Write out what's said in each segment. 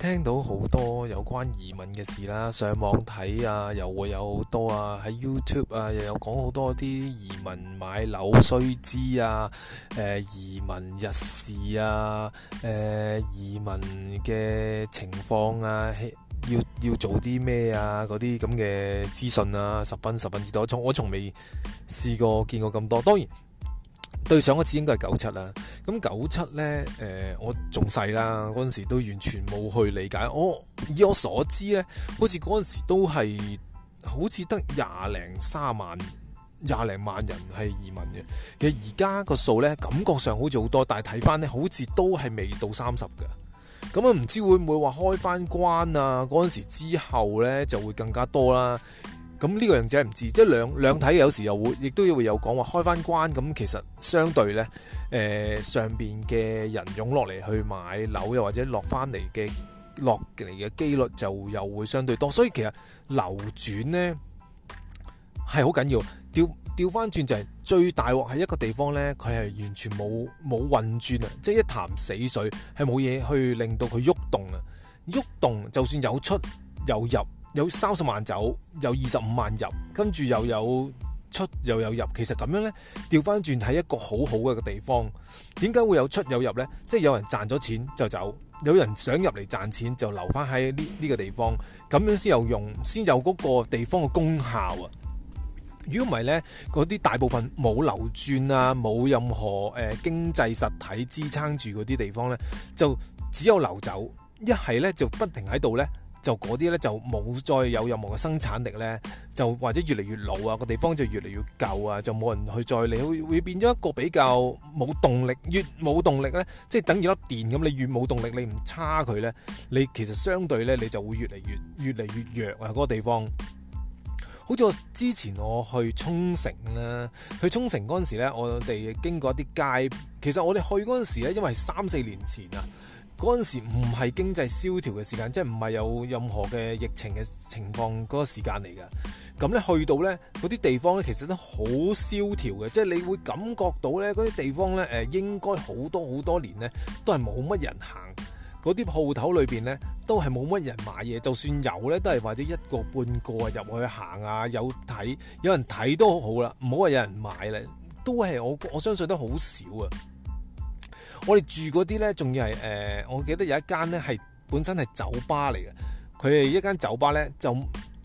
聽到好多有關移民嘅事啦，上網睇啊，又會有好多啊喺 YouTube 啊，又有講好多啲移民買樓須知啊，誒、呃、移民日事啊，誒、呃、移民嘅情況啊，要要做啲咩啊，嗰啲咁嘅資訊啊，十分十分之多。從我我從未試過見過咁多，當然。對上一次應該係九七啦，咁九七呢，誒、呃、我仲細啦，嗰陣時都完全冇去理解。我以我所知呢，好似嗰陣時都係好似得廿零三萬、廿零萬人係移民嘅。其實而家個數呢，感覺上好似好多，但係睇翻呢，好似都係未到三十㗎。咁啊，唔知會唔會話開翻關啊？嗰陣時之後呢，就會更加多啦。咁呢個樣子係唔知，即係兩兩睇有時又會，亦都會有講話開翻關咁。其實相對呢，呃、上面嘅人湧落嚟去買樓，又或者落翻嚟嘅落嚟嘅機率就又會相對多。所以其實流轉呢係好緊要。掉掉翻轉就係、是、最大鑊係一個地方呢，佢係完全冇冇運轉啊！即、就、係、是、一潭死水，係冇嘢去令到佢喐動啊！喐動，動就算有出有入。有三十萬走，有二十五萬入，跟住又有出又有入。其實咁樣呢，調翻轉係一個好好嘅地方，點解會有出有入呢？即係有人賺咗錢就走，有人想入嚟賺錢就留翻喺呢呢個地方。咁樣先有用，先有嗰個地方嘅功效啊！如果唔係呢，嗰啲大部分冇流轉啊，冇任何誒、呃、經濟實體支撐住嗰啲地方呢，就只有流走。一係呢，就不停喺度呢。就嗰啲咧就冇再有任何嘅生產力咧，就或者越嚟越老啊，個地方就越嚟越舊啊，就冇人去再嚟，會會變咗一個比較冇動力，越冇動力咧，即係等於粒電咁，你越冇動力，你唔差佢咧，你其實相對咧，你就會越嚟越越嚟越弱啊！嗰個地方，好似我之前我去沖繩啦，去沖繩嗰陣時咧，我哋經過一啲街，其實我哋去嗰陣時咧，因為三四年前啊。嗰陣時唔係經濟蕭條嘅時間，即係唔係有任何嘅疫情嘅情況嗰個時間嚟㗎。咁咧去到呢，嗰啲地方呢，其實都好蕭條嘅，即係你會感覺到呢，嗰啲地方呢，應該好多好多年呢都係冇乜人行，嗰啲鋪頭裏邊呢，都係冇乜人買嘢，就算有呢，都係或者一個半個入去行啊，有睇，有人睇都好啦，唔好話有人買咧，都係我我相信都好少啊。我哋住嗰啲咧，仲要係，誒、呃，我記得有一間咧係本身係酒吧嚟嘅，佢係一間酒吧咧，就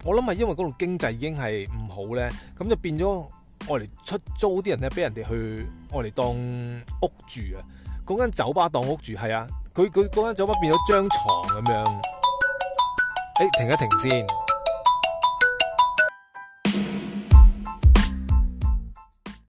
我諗係因為嗰度經濟已經係唔好咧，咁就變咗我嚟出租啲人咧俾人哋去我嚟當屋住啊，嗰間酒吧當屋住係啊，佢佢嗰間酒吧變咗張床咁樣，誒，停一停先。